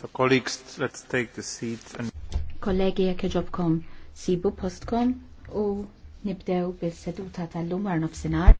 So colleagues, let's take the seat and... Kollegi jekk iġobkom sibu postkom u nibdew bil-seduta tal-lum għar nofsinhar.